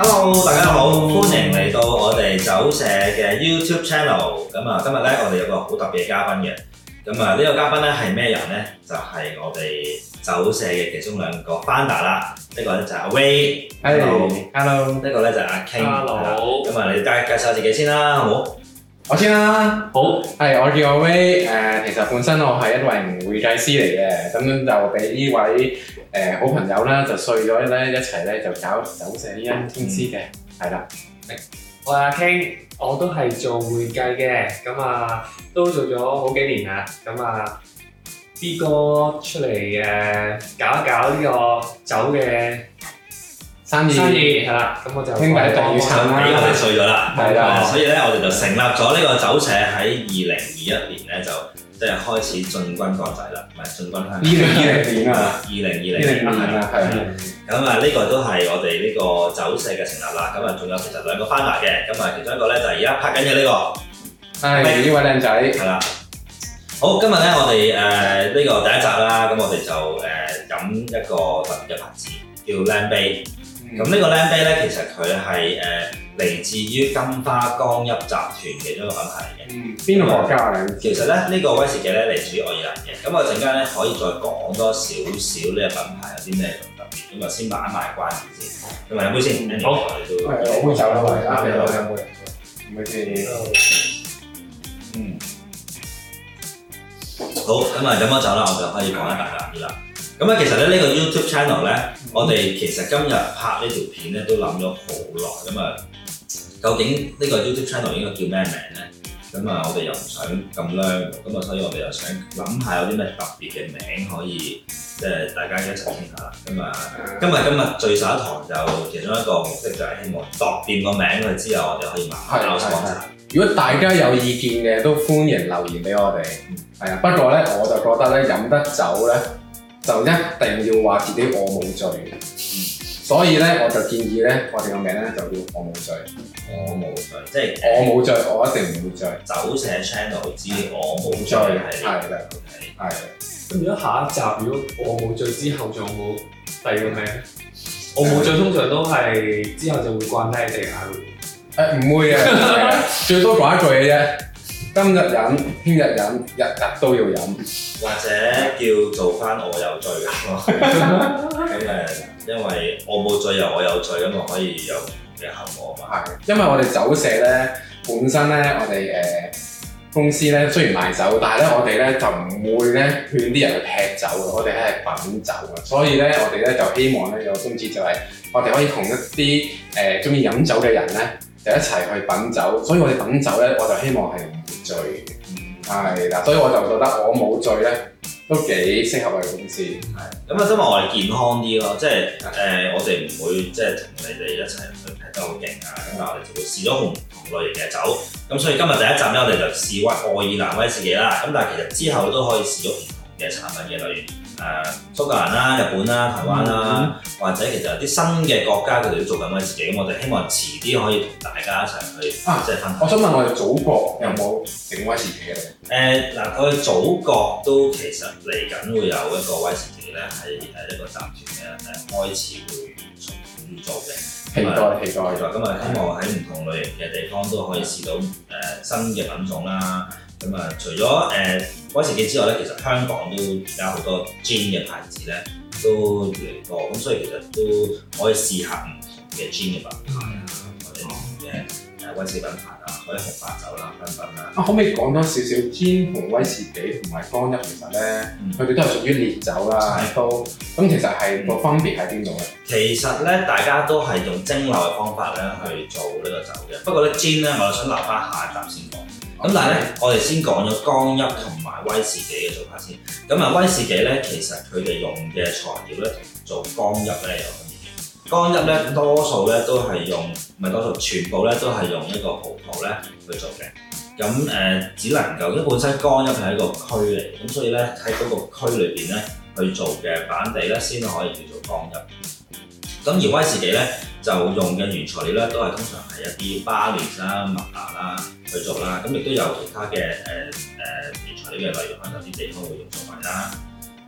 Hello，大家好，Hello. 歡迎嚟到我哋酒舍嘅 YouTube channel。咁啊，今日咧我哋有個好特別嘅嘉賓嘅。咁啊，呢個嘉賓咧係咩人咧？就係我哋酒舍嘅其中兩個 founder 啦。一個咧就係阿 Ray，hello，hello。一個咧就係阿 King，hello。咁啊，你介介紹下自己先啦，好冇？我先啦，好，係我叫阿威，誒，其實本身我係一位會計師嚟嘅，咁樣就俾呢位誒、呃、好朋友啦，就碎咗咧，一齊咧就搞走呢間公司嘅，係啦，誒，我係阿興，我都係做會計嘅，咁啊都做咗好幾年啦，咁啊 B 哥出嚟誒搞一搞呢個酒嘅。生意係啦，咁我就兄弟幫幫啦，俾我哋衰咗啦，係啦，所以咧我哋就成立咗呢個酒舍喺二零二一年咧就即係開始進軍國際啦，唔係進軍香港。二零二零年啊，二零二零年係啊，係啊，咁啊呢個都係我哋呢個酒舍嘅成立啦。咁啊仲有其實兩個 partner 嘅，咁啊其中一個咧就係而家拍緊嘅呢個，係呢位靚仔係啦。好，今日咧我哋誒呢個第一集啦，咁我哋就誒飲一個特別嘅牌子叫 Lambay。咁呢、嗯、個蘭啤咧，其實佢係誒嚟自於金花江邑集團其中一個品牌嚟嘅。邊、嗯、個國家嘅？其實咧，呢個威士忌咧嚟自於愛爾蘭嘅。咁我陣間咧可以再講多少少呢個品牌有啲咩特別，咁啊先擺埋關子先。咁啊飲杯先，好快就飲杯酒啦，咁啊飲杯，唔好意思，嗯，好，咁啊飲杯酒啦，我就可以講一大啖啲嘢啦。咁啊，其實咧呢個 YouTube channel 咧，我哋其實今日拍呢條片咧都諗咗好耐。咁啊，究竟呢個 YouTube channel 應該叫咩名咧？咁、嗯、啊，嗯、我哋又唔想咁 long 咁啊，所以我哋又想諗下有啲咩特別嘅名可以，即係大家一齊傾下。咁啊，今日今日聚首一堂，就其中一個目的就係希望作掂個名佢之後，我哋可以慢慢摸索。如果大家有意見嘅，都歡迎留言俾我哋。係啊、嗯，不過咧，我就覺得咧飲得酒咧。就一定要話自己我冇醉，嗯、所以咧我就建議咧，我哋個名咧就叫「我冇醉，嗯、我冇醉，即係我冇醉，我一定唔會醉，酒舍 channel 知我冇醉係。係啦，好睇。係。咁如果下一集如果我冇醉之後仲有冇第二個名咧？的我冇醉通常都係之後就會掛低地下度。誒唔、欸、會啊， 最多講一句啫。今日飲，聽日飲，日日都要飲，或者叫做翻我有罪咁咯。咁誒， 因為我冇罪又我有罪，咁我可以有唔同嘅效果嘛。係，因為我哋酒社咧，本身咧，我哋誒、呃、公司咧，雖然賣酒，但係咧，我哋咧就唔會咧勸啲人去劈酒嘅，我哋咧係品酒嘅。所以咧，我哋咧就希望咧有宗旨，就係我哋可以同一啲誒中意飲酒嘅人咧。就一齊去品酒，所以我哋品酒咧，我就希望係唔醉嘅，係啦、嗯，所以我就覺得我冇醉咧都幾適合我哋公司，係咁啊，因為我哋健康啲咯，即係誒的、呃，我哋唔會即係同你哋一齊去，睇得好勁啊，咁但的我哋就會試咗唔同類型嘅酒，咁所以今日第一站咧，我哋就試威，愛爾蘭威士忌啦，咁但係其實之後都可以試咗唔同嘅產品嘅類型。誒、啊、蘇格蘭啦、啊、日本啦、啊、台灣啦、啊，嗯、或者其實有啲新嘅國家佢哋都做緊威士忌，咁我哋希望遲啲可以同大家一齊去即係分享。我想問我哋祖國有冇整威士忌嘅？誒嗱、嗯，佢、呃、哋祖國都其實嚟緊會有一個威士忌咧，係係一個集團嘅係開始會做嘅。期待，期待。咁啊、嗯，希望喺唔同類型嘅地方都可以試到誒、呃、新嘅品種啦、啊。咁啊，除咗誒威士忌之外咧，其實香港都而家好多 gin 嘅牌子咧，都越嚟越多，咁所以其實都可以試下唔同嘅 gin 嘅品牌，或者唔同嘅威士忌品牌啦，可以紅白酒啦、等等，啦。啊，可唔可以講多少少 gin 同威士忌同埋干邑？其實咧，佢哋都係屬於烈酒啦，都咁其實係個分別喺邊度咧？其實咧，大家都係用蒸餾嘅方法咧去做呢個酒嘅。不過咧 gin 咧，我就想留翻下一集先講。咁但係咧，Okay. 我哋先講咗干邑同埋威士忌嘅做法先。咁啊，威士忌咧，其實佢哋用嘅材料咧做干邑咧，有分別，干邑咧多數咧都係用，唔係多數，全部咧都係用一個葡萄咧去做嘅。咁誒、呃，只能夠，因為本身干邑係一個區嚟，咁所以咧喺嗰個區裏邊咧去做嘅板地咧，先可以叫做干邑。咁而威士忌咧，就用嘅原材料咧，都係通常係一啲 barley 啦、麥芽啦去做啦。咁亦都有其他嘅誒誒原材料嘅，可能有啲地方會用粟米啦，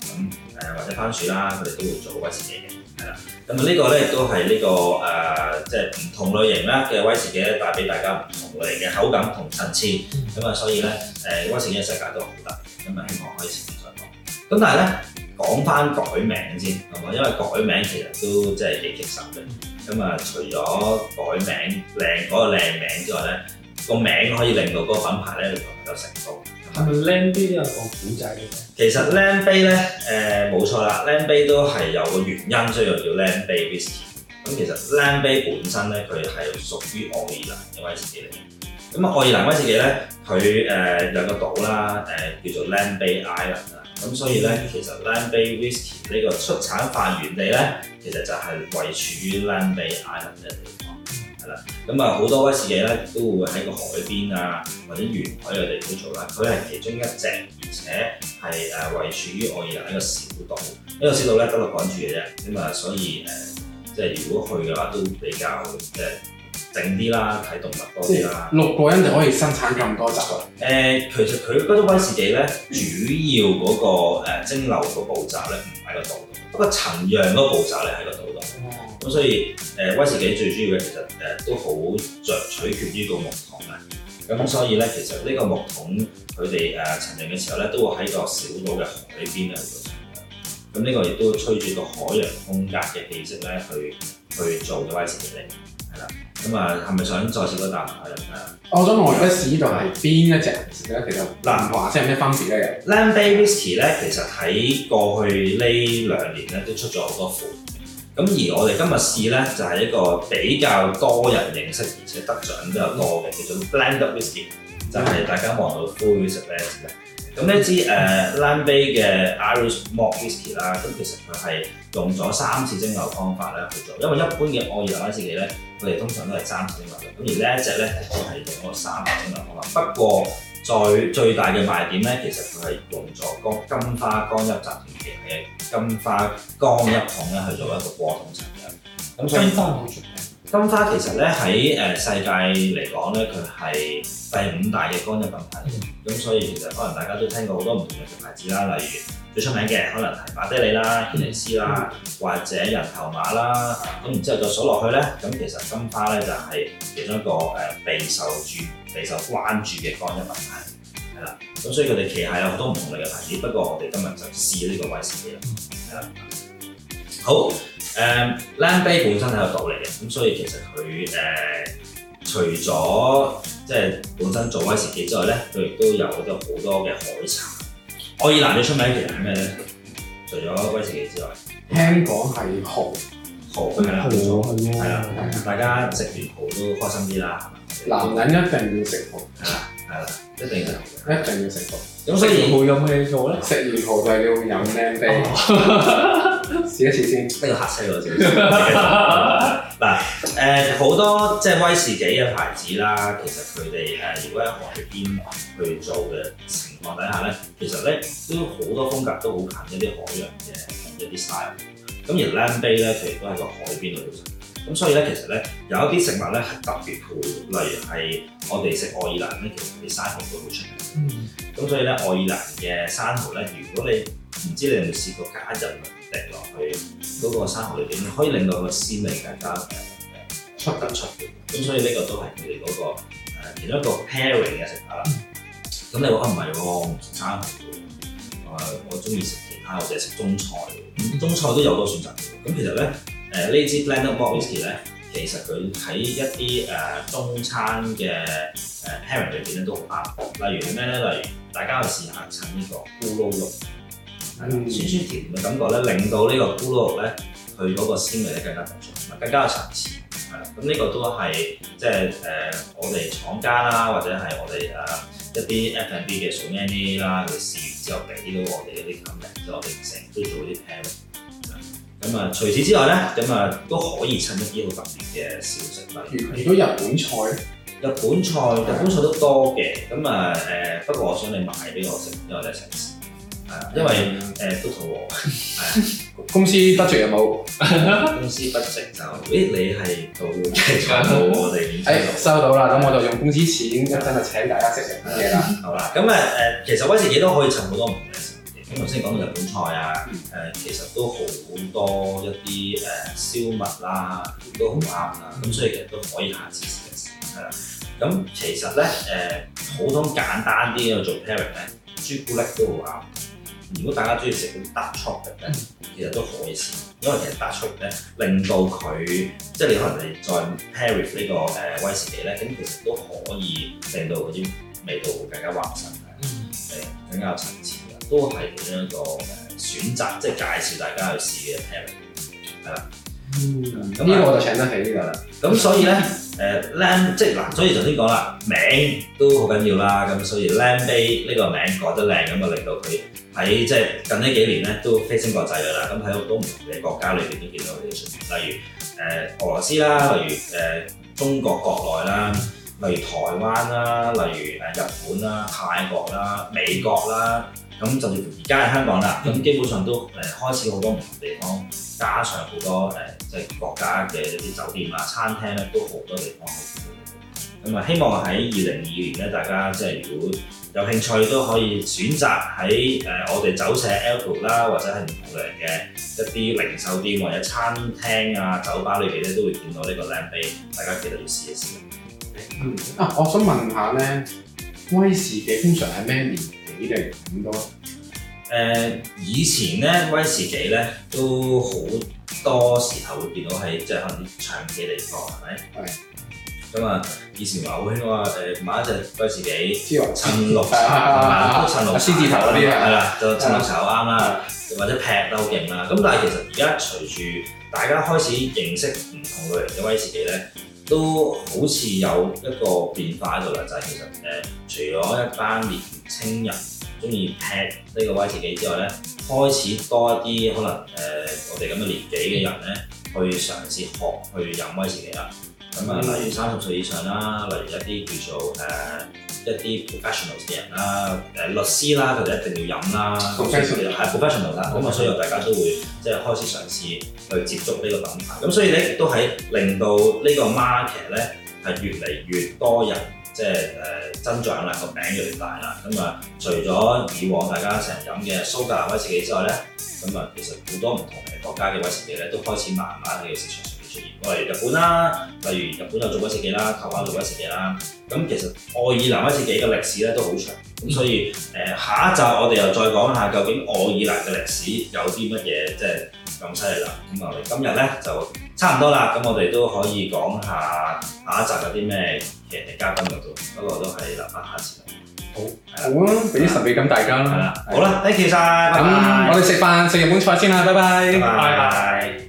咁誒、呃、或者番薯啦，佢哋都會做威士忌嘅，係啦。咁啊呢、呢個咧亦都係呢個誒，即係唔同類型啦嘅威士忌咧，帶俾大家唔同類嘅口感同層次。咁啊，所以咧誒威士忌嘅世界都好大，咁啊希望可以持續再講。咁但係咧。講翻改名先，係嘛？因為改名其實都真係幾棘手嘅。咁啊，除咗改名靚嗰個靚名之外咧，個名可以令到個品牌咧能夠成功。係咪 Lambay 都有個古仔嘅？其實 Lambay 咧，誒冇錯啦，Lambay 都係有個原因，所以叫 Lambay Whiskey。咁其實 Lambay 本身咧，佢係屬於愛爾蘭嘅威士忌嚟嘅。咁啊，愛爾蘭威士忌咧，佢誒有個島啦，誒叫做 Lambay Island 啦。咁所以咧，其實 Lambay Whiskey 呢個出產發源地咧，其實就係位處於 Lambay Island 嘅地方，係啦。咁啊，好多威士忌咧，都會喺個海邊啊，或者沿海嘅地方做啦。佢係其中一隻，而且係誒位處於愛爾蘭一個小島，一個小島咧，今日趕住嘅啫。咁啊，所以誒，即、呃、係如果去嘅話，都比較誒。呃整啲啦，睇動物多啲啦、嗯。六個人就可以生產咁多集？誒、呃，其實佢嗰種威士忌咧，嗯、主要嗰個蒸餾個步驟咧唔喺個島度，不過陳釀嗰個步驟咧喺個島度。咁、嗯、所以誒、呃、威士忌最主要咧、呃，其實誒都好着取決於個木桶嘅。咁所以咧，其實呢個木桶佢哋誒陳釀嘅時候咧，都會喺個小島嘅海邊啊度陳釀。咁呢個亦都會吹住個海洋風格嘅氣息咧，去去，去做嘅威士忌嚟嘅，係啦。咁啊，係咪想再試多啖啊？我想我試呢度係邊一隻？嗯、其實南華辣即係咩分別咧 Lambay Whiskey 咧，whiskey，其實喺過去呢兩年咧都出咗好多款。咁而我哋今日試咧，就係、是、一個比較多人認識，而且得獎比較多嘅叫做、嗯、Blended whisky、嗯、就係大家望到灰色咧。嗯咁呢一支誒 Lambay 嘅 Irish Malt Whisky 啦，咁其實佢係用咗三次蒸餾方法咧去做，因為一般嘅愛爾蘭威士忌咧，佢哋通常都係三次蒸餾，咁而一隻呢一隻咧，係整咗三次蒸餾方法。不過最最大嘅賣點咧，其實佢係用咗個金花干邑集團旗下嘅金花干邑桶咧去做一個波通陳年。咁所以金花好出名。金花其實咧喺誒世界嚟講咧，佢係第五大嘅干邑品牌。嗯咁所以其實可能大家都聽過好多唔同嘅牌子啦，例如最出名嘅可能係馬爹利啦、軒尼詩啦，或者人頭馬啦。咁、嗯、然之後再數落去咧，咁其實金花咧就係其中一個誒備受住、備受關注嘅乾邑品牌。係啦。咁所以佢哋旗下有好多唔同類嘅牌子，不過我哋今日就試呢個威士忌啦，係啦。好，誒 Lambay 本身係有島嚟嘅，咁所以其實佢誒、呃、除咗。即係本身做威士忌之外咧，佢亦都有好多好多嘅海產。愛爾蘭最出名嘅係咩咧？除咗威士忌之外，聽講係蠔。蠔係啦，係啦，桃對大家食完蠔都開心啲啦。男人一定要食蠔，係啦，一定啊，一定要食蠔。咁食以完蠔有咩嘢做咧？食完蠔就係要飲靚啤。 試一次先、哎，呢個黑色嘅試一次。嗱，誒 好多即係威士忌嘅牌子啦，其實佢哋誒如果喺海邊去做嘅情況底下咧，其實咧都好多風格都好近一啲海洋嘅一啲 style。咁而 Lambay 咧，佢亦都係個海邊度做。咁所以咧，其實咧有一啲食物咧係特別配，例如係我哋食愛爾蘭咧，其實啲生蠔都好出名。咁、嗯、所以咧，愛爾蘭嘅生蠔咧，如果你唔知你有冇試過加入佢嗰個生蠔裏邊，可以令到個鮮味更加誒出得出嘅。咁、嗯嗯、所以呢個都係佢哋嗰個其中一個 pairing 嘅食法啦。咁 你話啊唔係喎，唔食生蠔嘅，我、啊、我中意食其他，或者食中菜，咁中菜都有好多選擇嘅。咁其實咧，誒、呃、呢支 blend of whisky 咧，其實佢喺一啲誒、呃、中餐嘅誒 pairing 裏邊咧都好啱。例如咩咧？例如大家去試下食呢個咕嚕肉。酸酸甜嘅感覺咧，令到呢個咕嚕肉咧，佢嗰個鮮味咧更加突出，更加有層次。係啊，咁呢個都係即係誒、呃，我哋廠家啦，或者係我哋誒一啲 F&B 嘅熟 MBA 啦，佢試完之後俾到我哋一啲 comment 即我哋成日都做一啲評論。咁啊，除此之外咧，咁啊都可以襯一啲好特別嘅小食，例如如果日本菜咧，日本菜日本菜都多嘅。咁啊誒，不過我想你買俾我食，因為你係城市。因為誒都同我公司不盡有冇？公司不盡就誒你係到嘅財務我哋。誒收到啦，咁我就用公司錢一陣就請大家食嘢啦。好啦，咁誒誒，其實威士忌都可以襯好多唔同嘅食嘢。咁頭先講到日本菜啊，誒其實都好多一啲誒燒物啦，都好啱啦。咁所以其實都可以下次試嘅。咁其實咧誒，普通簡單啲嘅做 Pairing 嘅咧，朱古力都好啱。如果大家中意食嗰啲 dark choc 嘅咧，其實都可以試，因為其實 dark choc 咧令到佢即係你可能係再 pair 呢個誒威士忌咧，咁其實都可以令到嗰啲味道會更加滑實嘅，誒、嗯、更加有層次嘅，都係咁樣一個誒選擇，即係介紹大家去試嘅 pair，係啦。呢個我就請得起呢個啦。咁所以咧，誒 land 即係嗱，所以頭先講啦，名都好緊要啦。咁所以 Lambay 呢個名改得靚咁啊，令到佢喺即係近呢幾年咧都飛升國際㗎啦。咁喺好多唔同嘅國家裏邊都見到佢嘅出現，例如誒俄羅斯啦，例如誒中國國內啦，例如台灣啦，例如誒日本啦、泰國啦、美國啦。咁就而家喺香港啦，咁基本上都誒開始好多唔同地方，加上好多誒即係國家嘅一啲酒店啊、餐廳咧，都好多地方。咁啊，希望喺二零二二年咧，大家即係如果有興趣都可以選擇喺誒、呃、我哋酒舍 Alcohood 啦，或者係唔同嘅一啲零售店或者餐廳啊、酒吧裏邊咧，都會見到呢個 Lambay，大家記得要試一試，嗯。啊，我想問下咧，威士忌通常係咩年？點樣點多啊？以前咧威士忌咧都好多時候會見到喺即係可能啲長嘅地方，係咪？係。咁啊，以前話好興話誒買一隻威士忌，襯綠茶，都、啊、綠茶。獅頭嗰啲係啦，就襯綠茶啱啦，或者劈都好勁啦。咁的但係其實而家隨住大家開始認識唔同類型嘅威士忌咧，都好似有一個變化喺度啦，就係、是、其實誒，除咗一班年青人鍾意劈 a 呢個威士忌之外咧，開始多一啲可能誒、呃，我哋咁嘅年紀嘅人咧，去嘗試學去飲威士忌啦。咁啊、嗯，例如三十歲以上啦，例如一啲叫做。誒、呃。一啲 professionals 嘅人啦，誒律師啦，佢哋一定要飲啦，係 professional 啦，咁啊，所以大家都會即係開始嘗試，試去接觸呢個品牌，咁所以咧亦都係令到呢個 market 咧係越嚟越多人即係誒增長啦，個餅越嚟越大啦，咁啊，除咗以往大家成日飲嘅蘇格蘭威士忌之外咧，咁啊其實好多唔同嘅國家嘅威士忌咧都開始慢慢嘅嘗試。出現過嚟日本啦，例如日本有做過設計啦，台灣做過設計啦。咁其實愛爾蘭一設計嘅歷史咧都好長，咁、嗯、所以誒下一集我哋又再講下究竟愛爾蘭嘅歷史有啲乜嘢，即係咁犀利啦。咁我哋今日咧就差唔多啦，咁我哋都可以講下下一集有啲咩其嘅嘉賓入到，不過都係留翻下次嚟。好，好啊，俾啲、哦、神秘感大家啦。好啦，thank you 曬，拜拜，咁我哋食飯食日本菜先啦，拜拜。拜拜。